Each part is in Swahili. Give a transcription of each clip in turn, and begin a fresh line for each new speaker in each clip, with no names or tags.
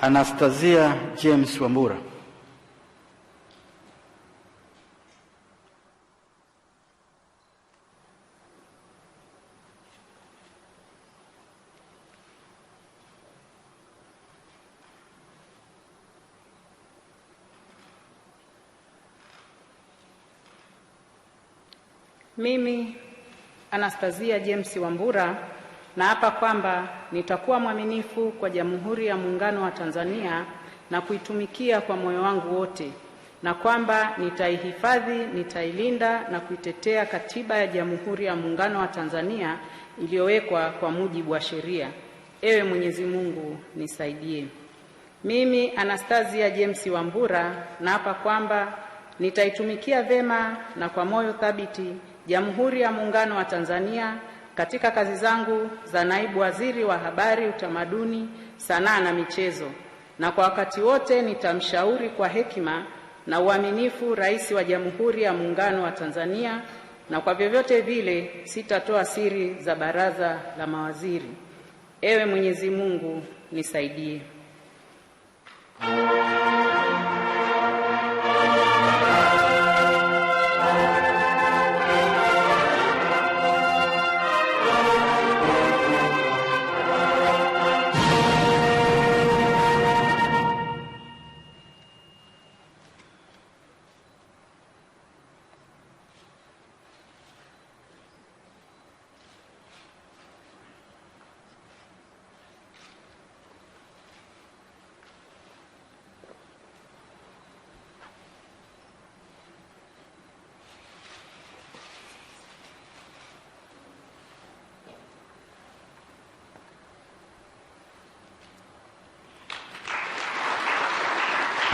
Anastasia James Wambura.
Mimi Anastasia James Wambura hapa kwamba nitakuwa mwaminifu kwa Jamhuri ya Muungano wa Tanzania na kuitumikia kwa moyo wangu wote, na kwamba nitaihifadhi, nitailinda na kuitetea Katiba ya Jamhuri ya Muungano wa Tanzania iliyowekwa kwa mujibu wa sheria. Ewe Mwenyezi Mungu nisaidie. Mimi Anastasia James Wambura naapa kwamba nitaitumikia vema na kwa moyo thabiti Jamhuri ya Muungano wa Tanzania katika kazi zangu za naibu waziri wa habari, utamaduni, sanaa na michezo, na kwa wakati wote nitamshauri kwa hekima na uaminifu Rais wa Jamhuri ya Muungano wa Tanzania, na kwa vyovyote vile sitatoa siri za baraza la mawaziri. Ewe Mwenyezi Mungu nisaidie.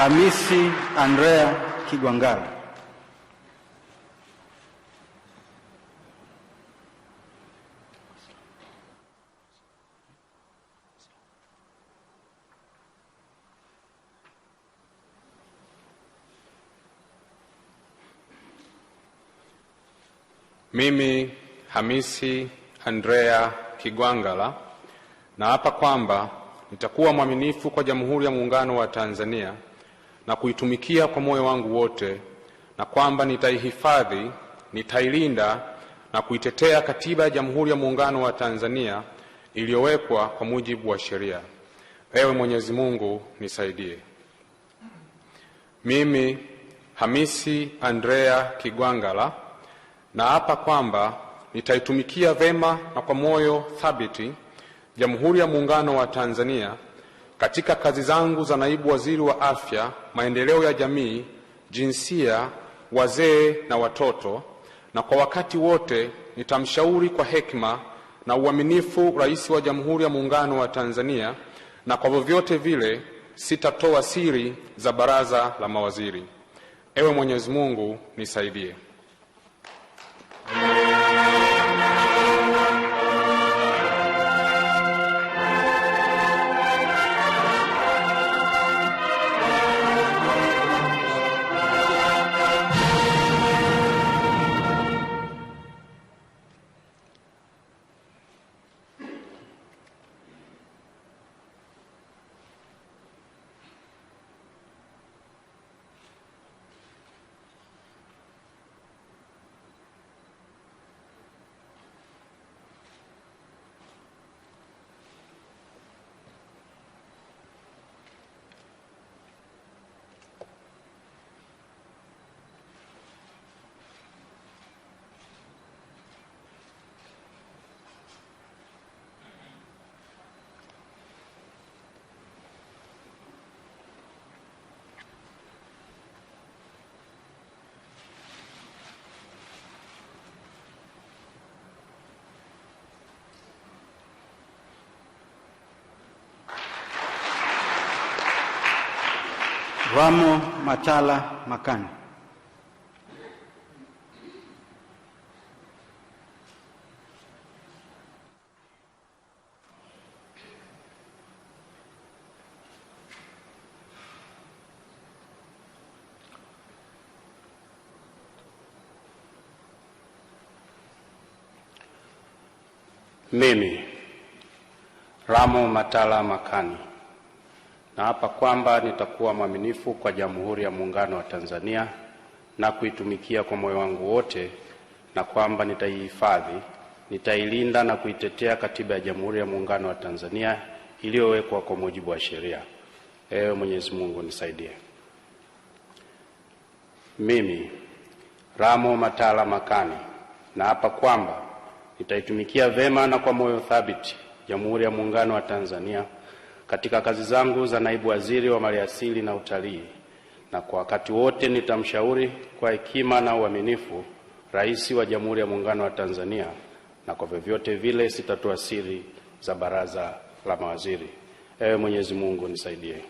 Hamisi Andrea Kigwangala. Mimi Hamisi Andrea kigwangala naapa kwamba nitakuwa mwaminifu kwa Jamhuri ya Muungano wa Tanzania na kuitumikia kwa moyo wangu wote, na kwamba nitaihifadhi, nitailinda na kuitetea Katiba ya Jamhuri ya Muungano wa Tanzania iliyowekwa kwa mujibu wa sheria. Ewe Mwenyezi Mungu nisaidie. Mimi Hamisi Andrea Kigwangala naapa kwamba nitaitumikia vema na kwa moyo thabiti Jamhuri ya Muungano wa Tanzania katika kazi zangu za naibu waziri wa afya, maendeleo ya jamii, jinsia, wazee na watoto, na kwa wakati wote nitamshauri kwa hekima na uaminifu Rais wa Jamhuri ya Muungano wa Tanzania, na kwa vyovyote vile sitatoa siri za baraza la mawaziri. Ewe Mwenyezi Mungu nisaidie.
ramo Machala Makani. Mimi Ramo Matala Makani Naapa kwamba nitakuwa mwaminifu kwa Jamhuri ya Muungano wa Tanzania na kuitumikia kwa moyo wangu wote, na kwamba nitaihifadhi, nitailinda na kuitetea Katiba ya Jamhuri ya Muungano wa Tanzania iliyowekwa kwa mujibu wa sheria. Ewe Mwenyezi Mungu nisaidie. Mimi Ramo Matala Makani naapa kwamba nitaitumikia vema na kwa moyo thabiti Jamhuri ya Muungano wa Tanzania katika kazi zangu za naibu waziri wa maliasili na utalii, na kwa wakati wote nitamshauri kwa hekima na uaminifu Rais wa Jamhuri ya Muungano wa Tanzania, na kwa vyovyote vile sitatoa siri za baraza la mawaziri. Ewe Mwenyezi Mungu nisaidie.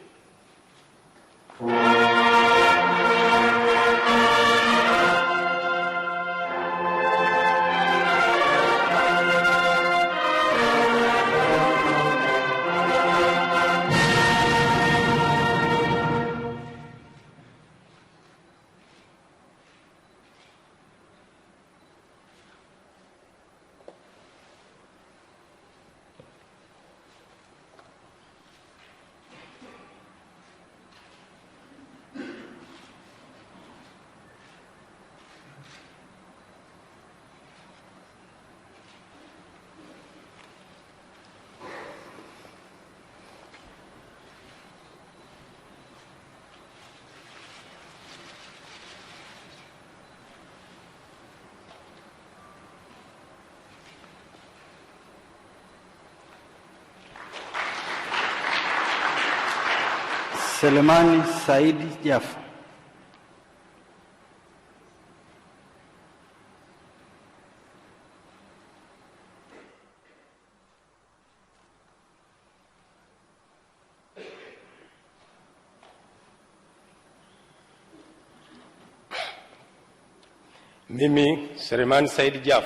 Selemani Saidi Jafo Mimi Selemani Saidi na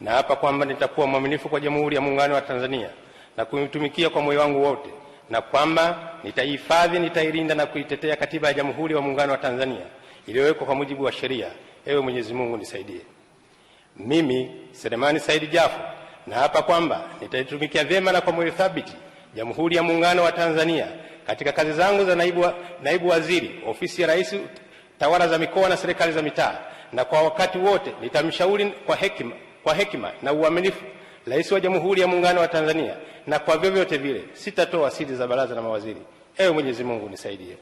naapa kwamba nitakuwa mwaminifu kwa Jamhuri ya Muungano wa Tanzania na kuitumikia kwa moyo wangu wote na kwamba nitaihifadhi, nitailinda na kuitetea katiba ya Jamhuri ya Muungano wa Tanzania iliyowekwa kwa mujibu wa sheria. Ewe Mwenyezi Mungu nisaidie. Mimi Selemani Saidi Jafo naapa kwamba nitaitumikia vyema na kwa moyo thabiti Jamhuri ya Muungano wa Tanzania katika kazi zangu za naibu, wa, naibu waziri ofisi ya Rais tawala za mikoa na serikali za mitaa, na kwa wakati wote nitamshauri kwa hekima, kwa hekima na uaminifu Rais wa Jamhuri ya Muungano wa Tanzania, na kwa vyovyote vile sitatoa siri za baraza la mawaziri. Ewe Mwenyezi Mungu nisaidie.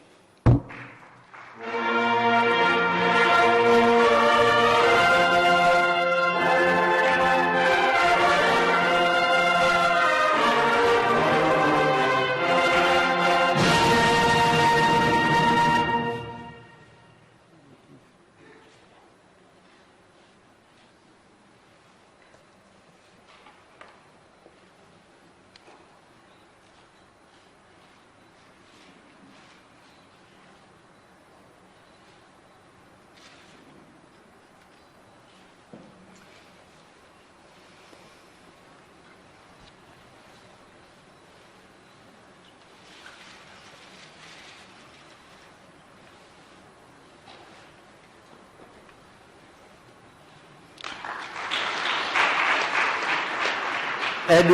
eh